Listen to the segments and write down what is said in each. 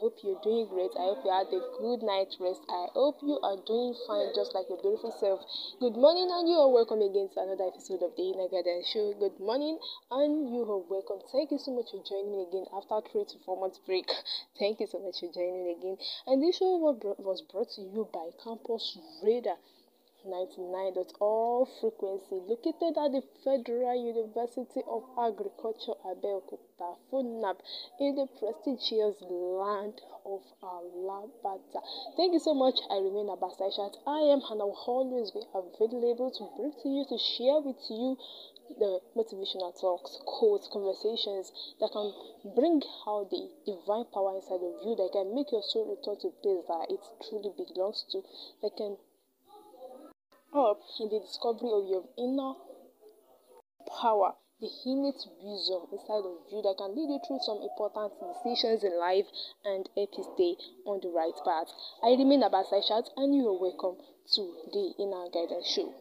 hope you're doing great. I hope you had a good night rest. I hope you are doing fine, just like your beautiful self. Good morning, and you are welcome again to another episode of the Inner Garden Show. Good morning, and you are welcome. Thank you so much for joining me again after three to four months break. Thank you so much for joining me again. And this show was brought to you by Campus Radar. 99 all frequency located at the Federal University of Agriculture Abeokuta FUNAB in the prestigious land of Alabata. Thank you so much. I remain Abasa I am and I will always be available to bring to you to share with you the motivational talks, quotes, conversations that can bring out the divine power inside of you that can make your soul return to place that it truly belongs to, that can up in the discovery of your inner power, the innate wisdom inside of you that can lead you through some important decisions in life and help you stay on the right path. I remain Abasai Shout and you are welcome to the Inner Guidance Show.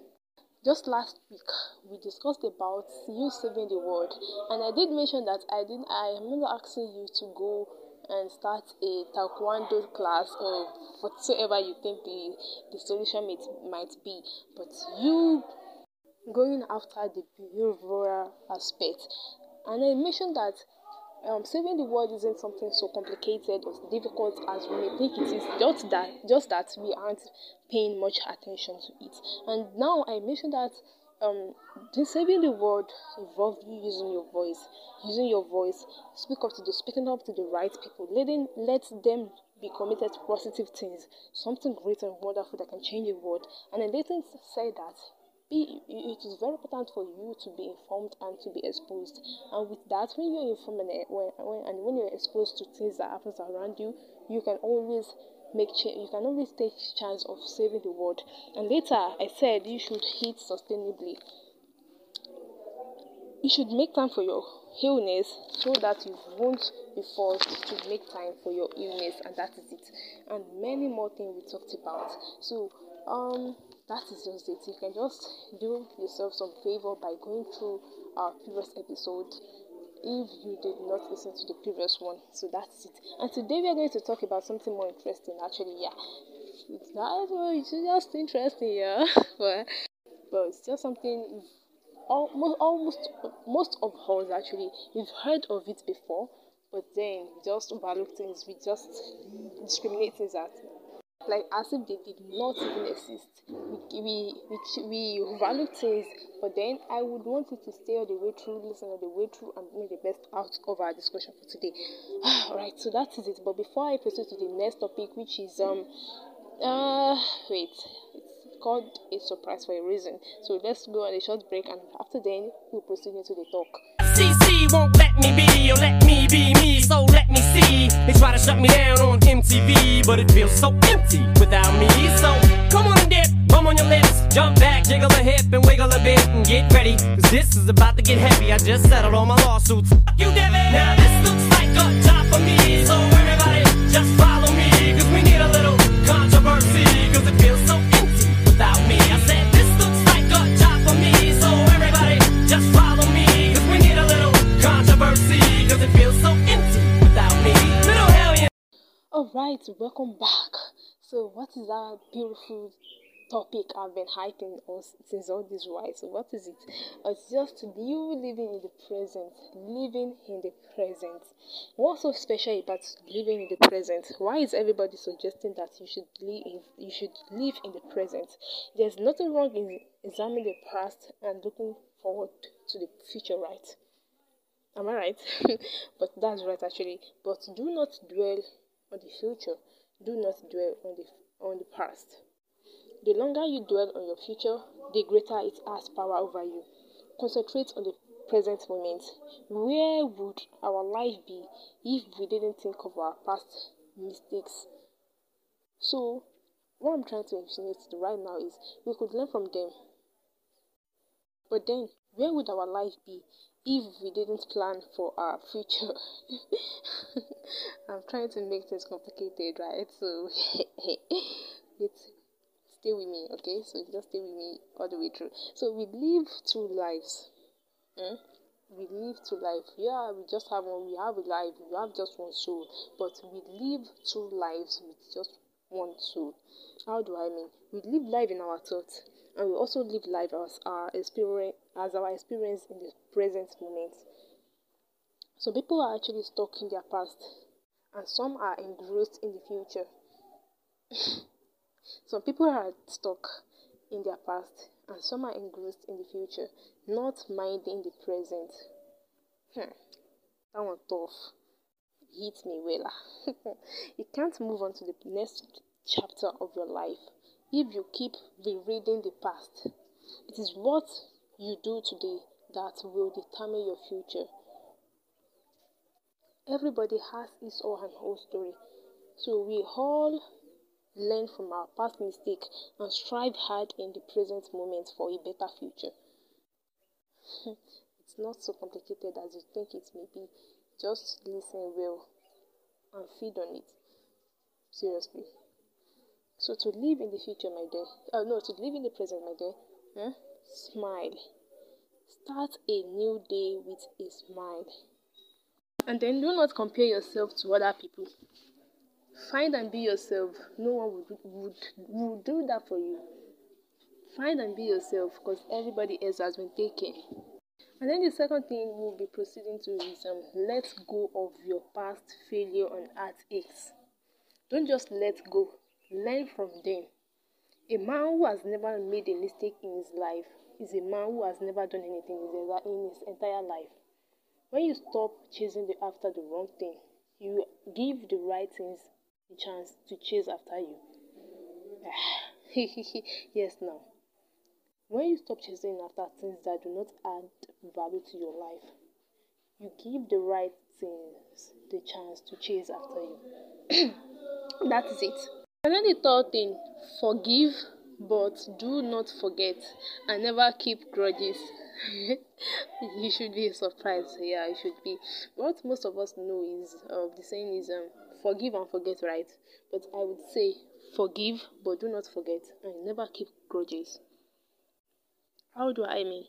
Just last week, we discussed about you saving the world, and I did mention that I didn't. I am not asking you to go and start a taekwondo class or whatsoever you think the, the solution might, might be. But you going after the behavioral aspect. And I mentioned that um, saving the world isn't something so complicated or difficult as we may think it is. Just that, just that we aren't paying much attention to it. And now I mentioned that um the world involves you using your voice using your voice speak up to the speaking up to the right people letting let them be committed to positive things something great and wonderful that can change the world and then later say that be, it is very important for you to be informed and to be exposed and with that when you're informed and when, when, and when you're exposed to things that happens around you you can always make change you can always take chance of saving the world and later i said you should eat sustainably you should make time for your illness so that you won't be forced to make time for your illness and that is it and many more things we talked about so um that is just it you can just do yourself some favor by going through our previous episode if you did not listen to the previous one. So that's it. And today we are going to talk about something more interesting. Actually, yeah, it's not it's just interesting, yeah, but but it's just something almost almost most of us actually we've heard of it before, but then just overlook things. We just discriminate things that like as if they did not even exist. We, we, we, we value things, but then I would want you to stay all the way through, listen all the way through, and make the best out of our discussion for today. Alright, so that is it. But before I proceed to the next topic, which is, um, uh, wait, it's called a surprise for a reason. So let's go on a short break, and after then, we'll proceed into the talk. FCC won't let me be or oh, let me be me, so let me see. They try to shut me down on MTV, but it feels so empty without me. So come on and dip, bum on your lips, jump back, jiggle a hip and wiggle a bit and get ready. Cause this is about to get heavy. I just settled all my lawsuits. Fuck you, Devin! right welcome back so what is that beautiful topic i've been hyping since all this while so what is it it's just you living in the present living in the present what's so special about living in the present why is everybody suggesting that you should live in, you should live in the present there's nothing wrong in examining the past and looking forward to the future right am i right but that's right actually but do not dwell on the future, do not dwell on the, on the past. The longer you dwell on your future, the greater it has power over you. Concentrate on the present moment. Where would our life be if we didn't think of our past mistakes? So, what I'm trying to insinuate right now is we could learn from them. But then, where would our life be if we didn't plan for our future. I'm trying to make things complicated, right? So it's stay with me, okay? So just stay with me all the way through. So we live two lives. Mm? We live two lives. Yeah, we just have one. We have a life. We have just one soul, but we live two lives with just one soul. How do I mean? We live life in our thoughts and we also live life as our experience as our experience in the present moment. So people are actually stuck in their past and some are engrossed in the future. some people are stuck in their past and some are engrossed in the future, not minding the present. Hmm, that one tough. hit me well. you can't move on to the next chapter of your life if you keep rereading the past. It is what you do today that will determine your future. Everybody has his or her own story, so we all learn from our past mistake and strive hard in the present moment for a better future. it's not so complicated as you think it may be. Just listen well and feed on it. Seriously. So to live in the future, my dear, oh no, to live in the present, my dear, hmm, smile. Start a new day with a smile. And then do not compare yourself to other people. Find and be yourself. No one would, would, would do that for you. Find and be yourself because everybody else has been taken. And then the second thing we'll be proceeding to is um, let go of your past failure and heartaches. Don't just let go. Learn from them. A man who has never made a mistake in his life is a man who has never done anything in his entire life. When you stop chasing the, after the wrong thing, you give the right things a chance to chase after you. yes, now. When you stop chasing after things that do not add value to your life, you give the right things the chance to chase after you. that is it. Already third thing: forgive, but do not forget and never keep grudges. you should be surprised. Yeah, you should be. What most of us know is uh, the saying is um, forgive and forget, right? But I would say forgive, but do not forget and never keep grudges. How do I mean?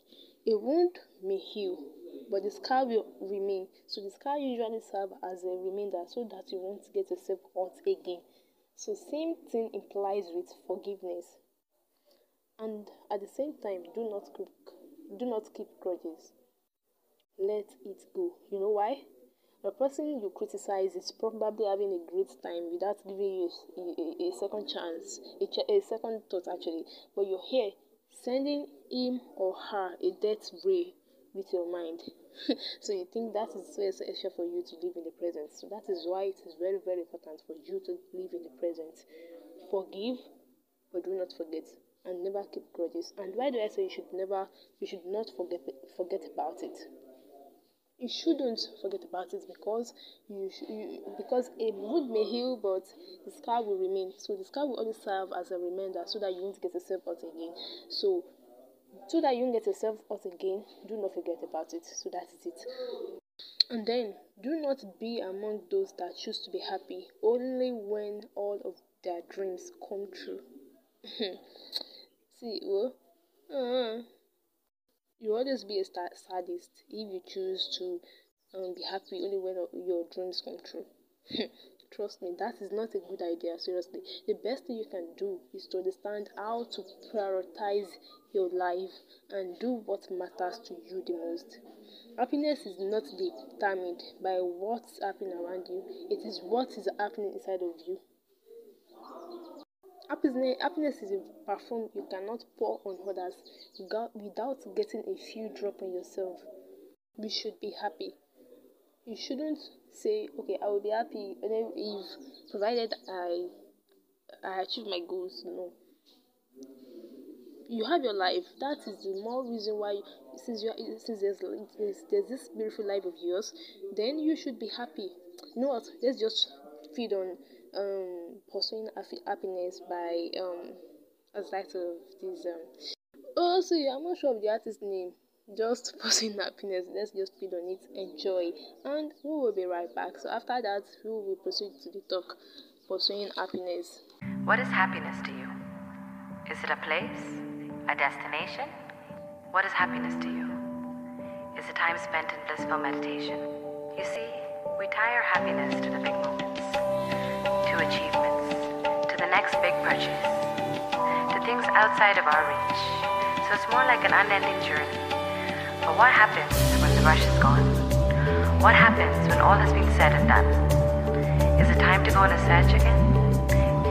A wound may heal, but the scar will remain. So the scar usually serves as a reminder so that you won't get yourself hurt again. So same thing implies with forgiveness. And at the same time, do not keep, do not keep grudges. Let it go. You know why? The person you criticize is probably having a great time without giving you a, a, a second chance, a, a second thought actually. But you're here sending him or her a death ray with your mind. so you think that is so essential for you to live in the present. So that is why it is very, very important for you to live in the present. Forgive, but do not forget. And never keep grudges. And why do I say you should never, you should not forget forget about it? You shouldn't forget about it because you, you because a wound may heal, but the scar will remain. So the scar will only serve as a reminder, so that you won't get yourself out again. So so that you can get yourself out again do not forget about it so that is it and then do not be among those that choose to be happy only when all of their dreams come true see well uh, you always be a sadist if you choose to um, be happy only when your dreams come true Trust me, that is not a good idea, seriously. The best thing you can do is to understand how to prioritize your life and do what matters to you the most. Happiness is not determined by what's happening around you, it is what is happening inside of you. Happiness is a perfume you cannot pour on others without getting a few drop on yourself. We should be happy you shouldn't say okay i will be happy and then if provided i i achieve my goals no you have your life that is the more reason why since you since there's, there's, there's this beautiful life of yours then you should be happy you know what let's just feed on um pursuing happiness by um as light of this um also yeah i'm not sure of the artist's name just pursuing happiness let's just feed on it enjoy and we will be right back so after that we will proceed to the talk pursuing happiness what is happiness to you is it a place a destination what is happiness to you is it time spent in blissful meditation you see we tie our happiness to the big moments to achievements to the next big purchase to things outside of our reach so it's more like an unending journey what happens when the rush is gone? What happens when all has been said and done? Is it time to go on a search again?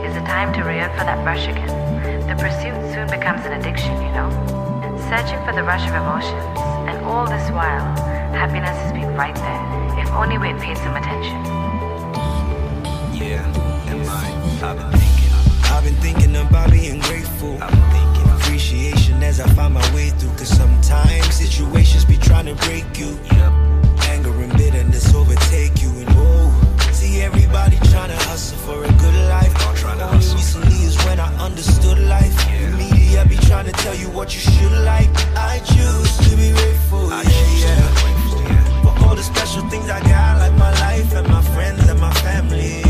Is it time to return for that rush again? The pursuit soon becomes an addiction, you know? Searching for the rush of emotions, and all this while, happiness has been right there, if only we had paid some attention. Yeah, and I, I've been thinking, I've been thinking about being grateful appreciation as I find my way through. Cause sometimes situations be trying to break you. Yep. Anger and bitterness overtake you. And oh, see everybody trying to hustle for a good life. All trying to hustle. Recently is when I understood life. Yeah. The media be trying to tell you what you should like. I choose to be grateful. I yeah, yeah. For all the special things I got, like my life and my friends and my family.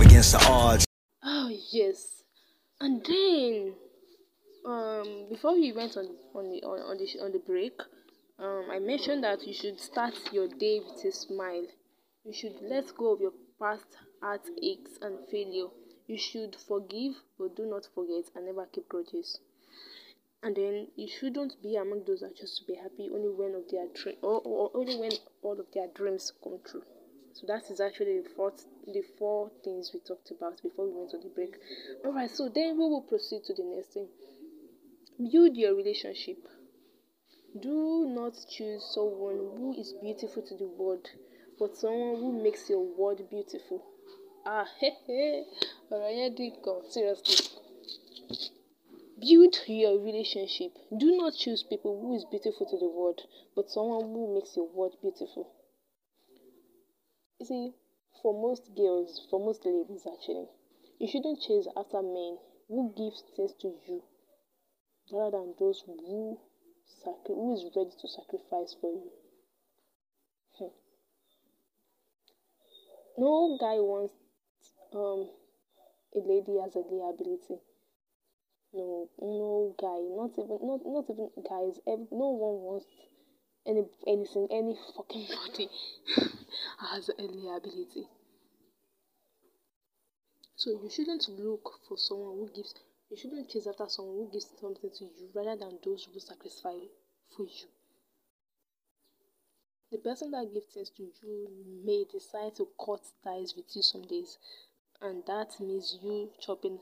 up against the odds. Oh yes, and then um before we went on on the on, on the on the break, um I mentioned that you should start your day with a smile. You should let go of your past heartaches and failure. You should forgive, but do not forget, and never keep grudges. And then you shouldn't be among those that just be happy only when of their dream or, or only when all of their dreams come true. So that is actually the fourth the four things we talked about before we went on the break. All right, so then we will proceed to the next thing. Build your relationship. Do not choose someone who is beautiful to the world, but someone who makes your world beautiful. Ah, hey, hey. All right, I did come. Seriously. Build your relationship. Do not choose people who is beautiful to the world, but someone who makes your world beautiful. You see, for most girls, for most ladies actually, you shouldn't chase after men who give things to you rather than those who, sacri- who is ready to sacrifice for you. Hmm. No guy wants um, a lady as a liability. No, no guy, not even not not even guys. Every, no one wants any anything, any fucking body. has a liability. So you shouldn't look for someone who gives, you shouldn't chase after someone who gives something to you rather than those who sacrifice for you. The person that gives things to you may decide to cut ties with you some days, and that means you chopping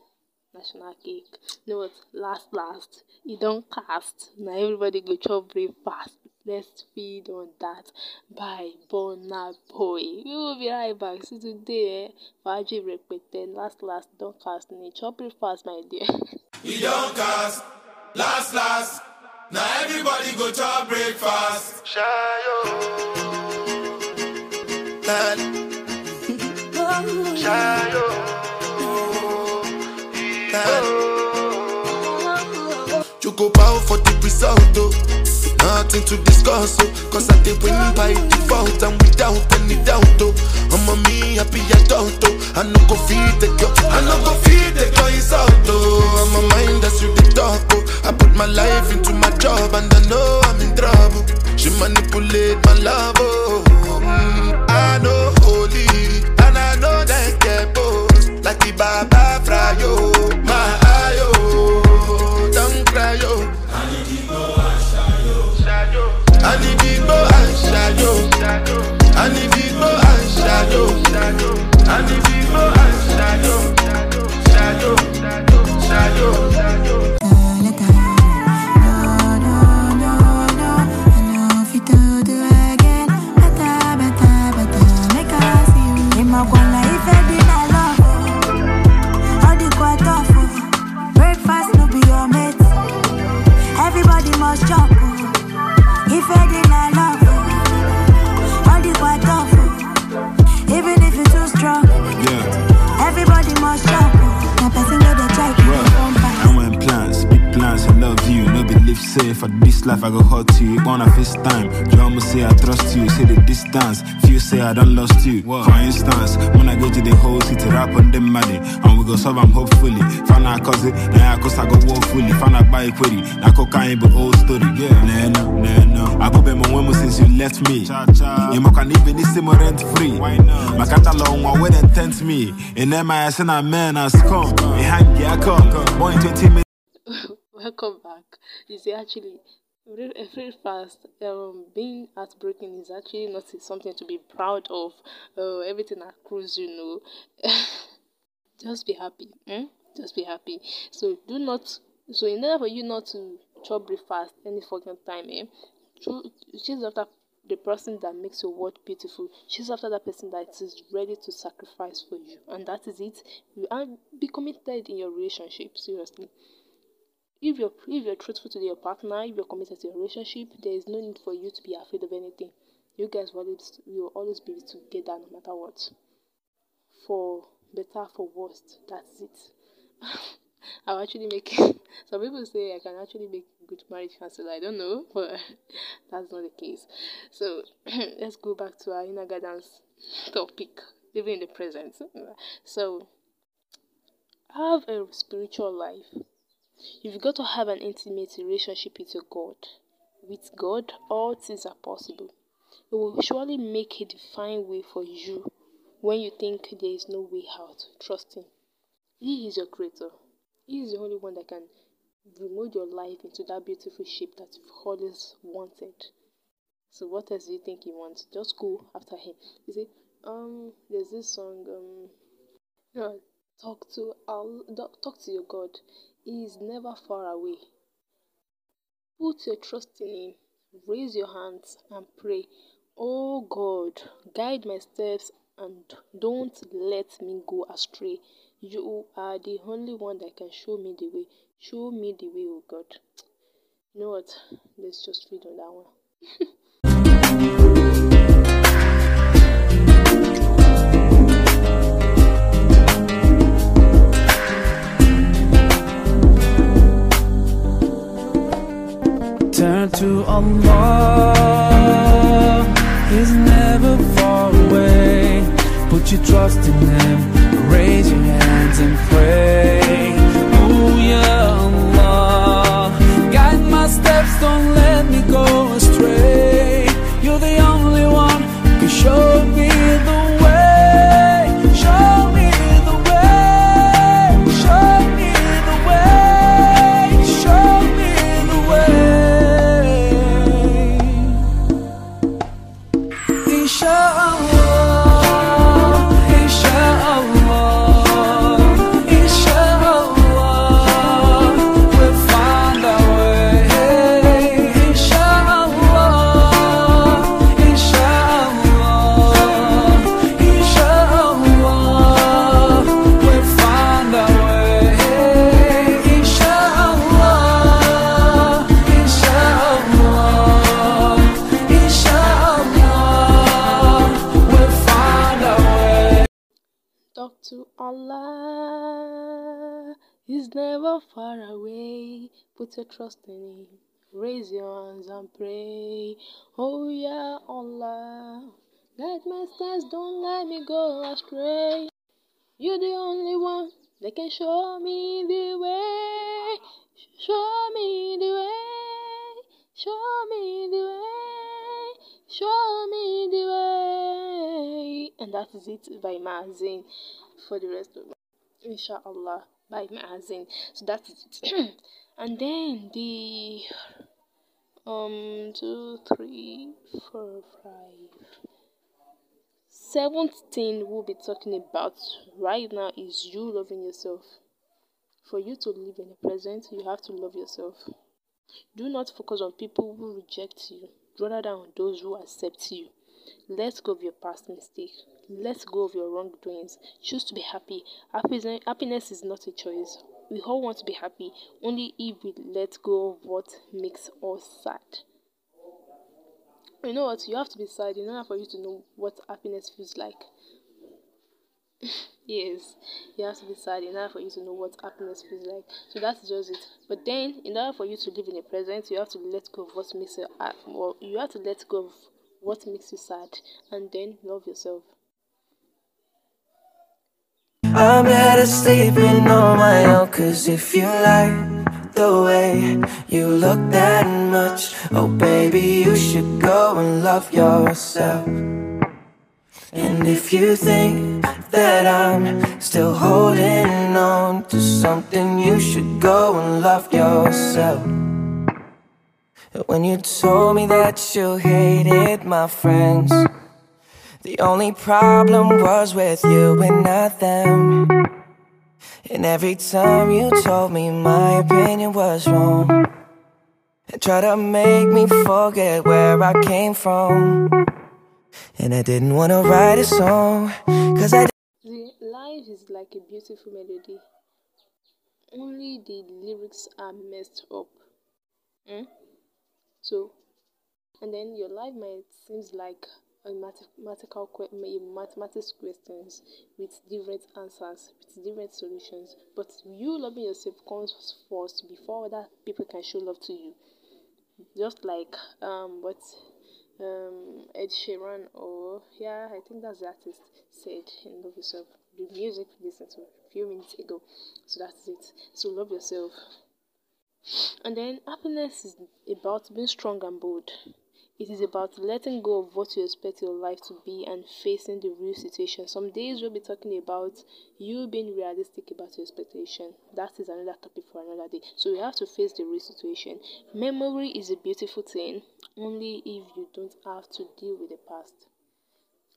national cake. You know what? Last, last, you don't cast. Now everybody go chop very fast. Let's feed on that by Bonner Boy. We will be right back. See today, eh? Vaji Repete, last, last, don't cast me. Chop it fast, my dear. We don't cast, last, last. Now everybody go chop breakfast. Shayo. Shayo. You go for the result, though nothing to discuss, oh Cause I did win by default and without any doubt, oh I'm a me happy adult, oh I no go feed the girl, I no go feed the girl, it's out, oh I'm a mind that's you the talk, oh I put my life into my job and I know I'm in trouble She manipulate my love, oh mm, I know holy and I know that get post Like the Baba Frayo oh. And if more go and shadow, shadow. life I go hurt you. One of his time. Drama say I trust you. Say the distance. Few say I don't lost you. For instance, when I go to the whole city, rap on the money. Eh, and we go solve I'm hopefully. Find out cause it, eh, now cause I go walk fully. Find out by query. Now cocaine but old story. Yeah. Nah, no, nah, no. I go pay my woman since you left me. Cha cha. You can even see my rent free. Why not? My catalog My way then tempt me. And then my son and man has come. Behind the come. Boy in 20 minutes. Welcome back. You see, actually, very fast. Um, being heartbroken is actually not something to be proud of. Uh, everything accrues, you know. Just be happy. Hmm? Just be happy. So do not. So in order for you not to chop fast any fucking time, eh? She's after the person that makes your world beautiful. She's after that person that is ready to sacrifice for you, and that is it. You are be committed in your relationship. Seriously. If you're if you're truthful to your partner, if you're committed to your relationship, there is no need for you to be afraid of anything. You guys will always, will always be together no matter what. For better, for worst, that's it. I'll actually make some people say I can actually make good marriage counselor. I don't know, but that's not the case. So let's go back to our inner guidance topic, living in the present. So have a spiritual life. You've got to have an intimate relationship with your God. With God, all things are possible. He will surely make a divine way for you when you think there is no way out. Trust Him. He is your creator. He is the only one that can remold your life into that beautiful shape that you've always wanted. So what else do you think he wants? Just go after him. You see, um, there's this song, um, you know, talk to, talk to your God. He is never far away. Put your trust in Him. Raise your hands and pray, Oh God, guide my steps and don't let me go astray. You are the only one that can show me the way. Show me the way, oh God. You know what? Let's just read on that one. turn to Allah He's never far away Put your trust in Him Raise your hands and pray Oh. never far away. Put your trust in Him. Raise your hands and pray. Oh, yeah, Allah. Guide my steps, don't let me go astray. You're the only one that can show me the way. Show me the way. Show me the way. Show me the way. And that is it by Mazin for the rest of inshallah by Ma'azin. So that is it. and then the um two, three, four, five. Seventh thing we'll be talking about right now is you loving yourself. For you to live in the present, you have to love yourself. Do not focus on people who reject you rather than on those who accept you. Let go of your past mistake. Let go of your wrongdoings. Choose to be happy. Happiness is not a choice. We all want to be happy only if we let go of what makes us sad. You know what? You have to be sad in order for you to know what happiness feels like. yes, you have to be sad in order for you to know what happiness feels like. So that's just it. But then, in order for you to live in the present, you have to let go of what makes you happy. Or you have to let go of what makes you sad, and then love yourself. I'm better sleeping on my own, cause if you like the way you look that much, oh baby, you should go and love yourself. And if you think that I'm still holding on to something, you should go and love yourself. When you told me that you hated my friends, the only problem was with you and not them. And every time you told me my opinion was wrong, and tried to make me forget where I came from. And I didn't want to write a song, cause I. Life is like a beautiful melody, only the lyrics are messed up. Hmm? So, and then your life might seems like a mathematical mathematics questions with different answers, with different solutions. But you loving yourself comes first before other people can show love to you. Just like um, what um, Ed Sheeran or yeah, I think that's the artist said in Love Yourself. The music we listened to a few minutes ago. So that's it. So love yourself. And then happiness is about being strong and bold. It is about letting go of what you expect your life to be and facing the real situation. Some days we'll be talking about you being realistic about your expectation. That is another topic for another day. So we have to face the real situation. Memory is a beautiful thing, only if you don't have to deal with the past.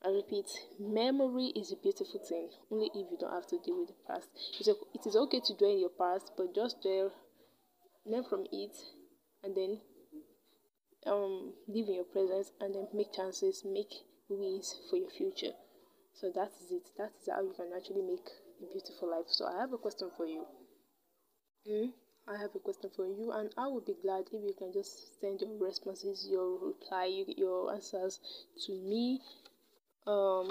I repeat, memory is a beautiful thing, only if you don't have to deal with the past. It is okay to dwell in your past, but just dwell learn from it and then um live in your presence and then make chances make ways for your future so that is it that is how you can actually make a beautiful life so i have a question for you mm, i have a question for you and i would be glad if you can just send your responses your reply your answers to me um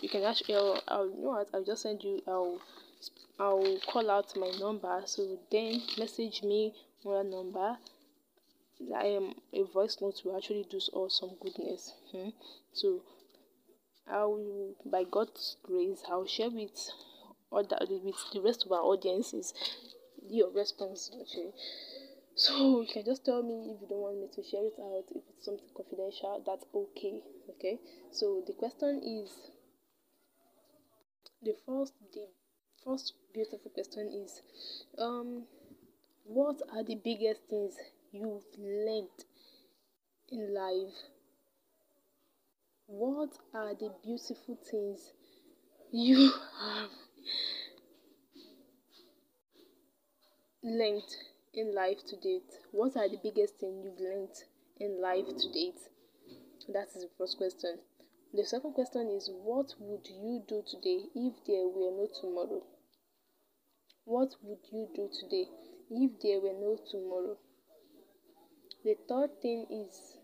you can actually I'll, I'll you know what i'll just send you i'll I'll call out my number. So then message me on that number. I am a voice note will actually do some goodness. Hmm? So I will, by God's grace, I'll share with other with the rest of our audiences your response. Okay. So you can just tell me if you don't want me to share it out, if it's something confidential, that's okay. Okay. So the question is the first debate first beautiful question is um what are the biggest things you've learned in life what are the beautiful things you have learned in life to date what are the biggest thing you've learned in life to date that is the first question the second question is What would you do today if there were no tomorrow? What would you do today if there were no tomorrow? The third thing is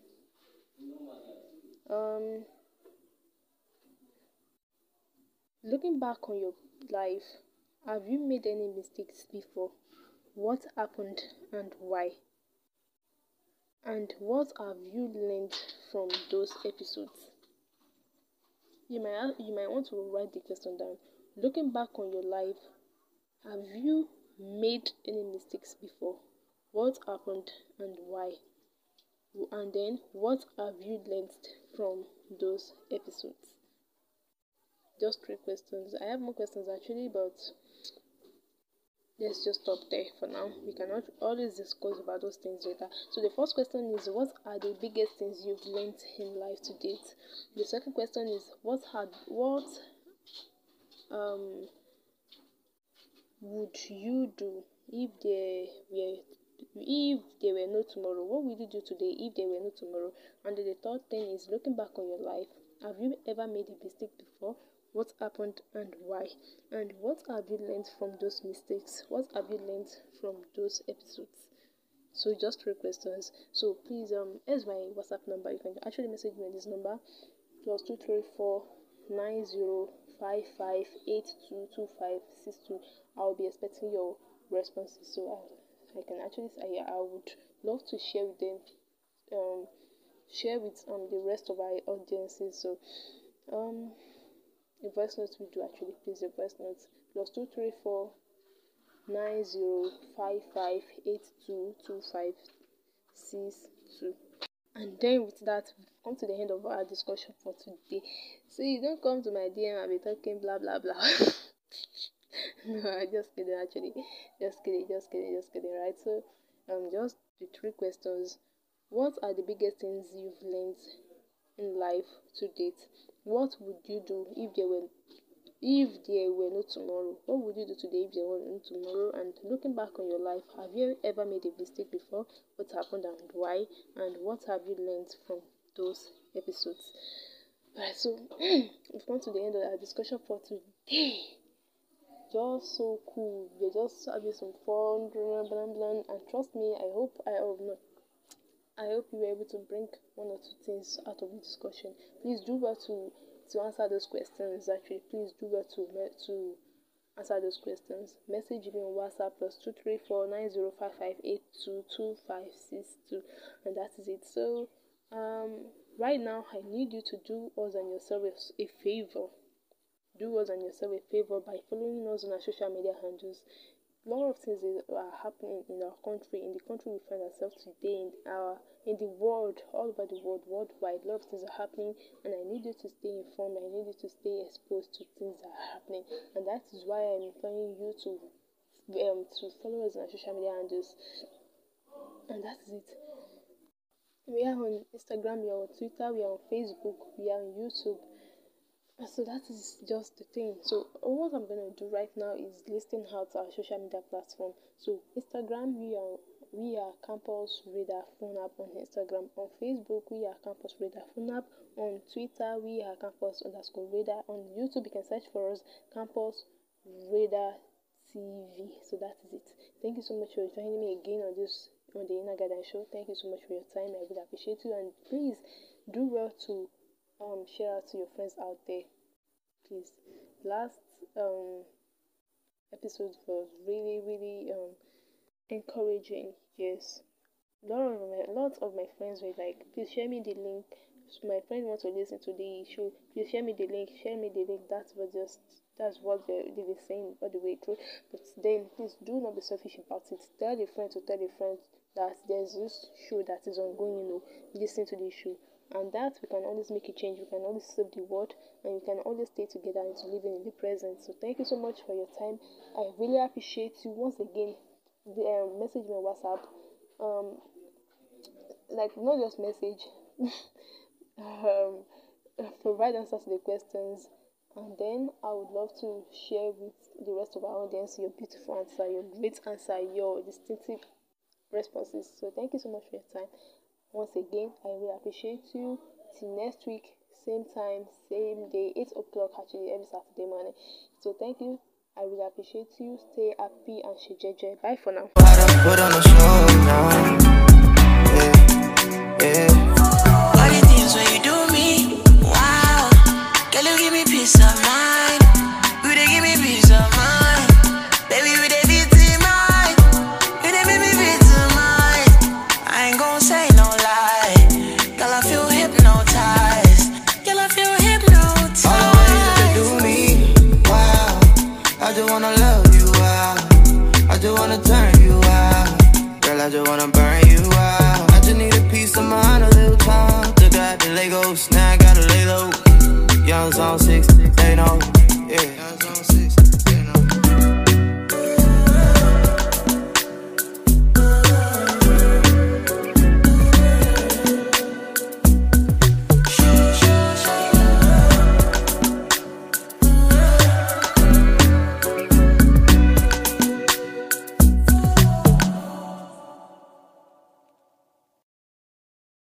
um, looking back on your life, have you made any mistakes before? What happened and why? And what have you learned from those episodes? You might, you might want to write the question down. Looking back on your life, have you made any mistakes before? What happened and why? And then, what have you learned from those episodes? Just three questions. I have more questions actually, but let's just stop there for now we cannot always discuss about those things later so the first question is what are the biggest things you've learned in life to date the second question is what had what um would you do if there were if there were no tomorrow what would you do today if there were no tomorrow and the third thing is looking back on your life have you ever made a mistake before what happened and why and what have you learned from those mistakes what have you learned from those episodes so just three questions so please um here's my whatsapp number you can actually message me this number plus two three four nine zero five five eight two two five six two i'll be expecting your responses so i, I can actually I, I would love to share with them um share with um the rest of our audiences so um the voice notes we do actually please the voice notes plus two three four nine zero five five eight two two five six two and then with that we come to the end of our discussion for today so you don't come to my dm i'll be talking blah blah blah no I just kidding actually just kidding just kidding just kidding right so um just the three questions what are the biggest things you've learned in life to date what would you do if there were if there were no tomorrow? What would you do today if there were no tomorrow? And looking back on your life, have you ever made a mistake before? What happened and why? And what have you learned from those episodes? Alright, so we've come to the end of our discussion for today. Just so cool. We're just having some fun, blah, blah, blah, and trust me, I hope I have not I hope you were able to bring one or two things out of the discussion. Please do well to to answer those questions. Actually, please do well to to answer those questions. Message me on WhatsApp plus two three four nine zero five five eight two two five six two, and that is it. So, um, right now I need you to do us and yourself a favor. Do us and yourself a favor by following us on our social media handles. a lot of things are happening in our country, in the country we find ourselves today, in our in the world, all over the world, worldwide. A lot of things are happening, and I need you to stay informed. I need you to stay exposed to things that are happening, and that is why I'm imploring you to um to follow us on social media and just and that is it. We are on Instagram, we are on Twitter, we are on Facebook, we are on YouTube. Ah, so that is just the thing so what i'm gonna do right now is listing out our social media platform so instagram we are we are campus radar phone app on instagram on facebook we are campus radar phone app on twitter we are campus underscore radar on youtube you can search for us campus radar tv so that is it thank you so much for joining me again on this on the inner Garden show thank you so much for your time i really appreciate you and please do well to um share to your friends out there please last um episode was really really um encouraging yes a lot of my lot of my friends were like please share me the link my friend wants to listen to the show please share me the link share me the link that was just that's what they, they were saying all the way through but then please do not be selfish about it tell your friend to tell your friend that there's this show that is ongoing you know listen to the show and that we can always make a change we can always save the world and we can always stay together and to live in the present so thank you so much for your time i really appreciate you once again the, um, message me on whatsapp um like not just message um provide answers to the questions and then i would love to share with the rest of our audience your beautiful answer your great answer your distinctive responses so thank you so much for your time once again, I really appreciate you. Till next week, same time, same day, 8 o'clock actually, every Saturday morning. So thank you. I really appreciate you. Stay happy and she jeje. Bye for now.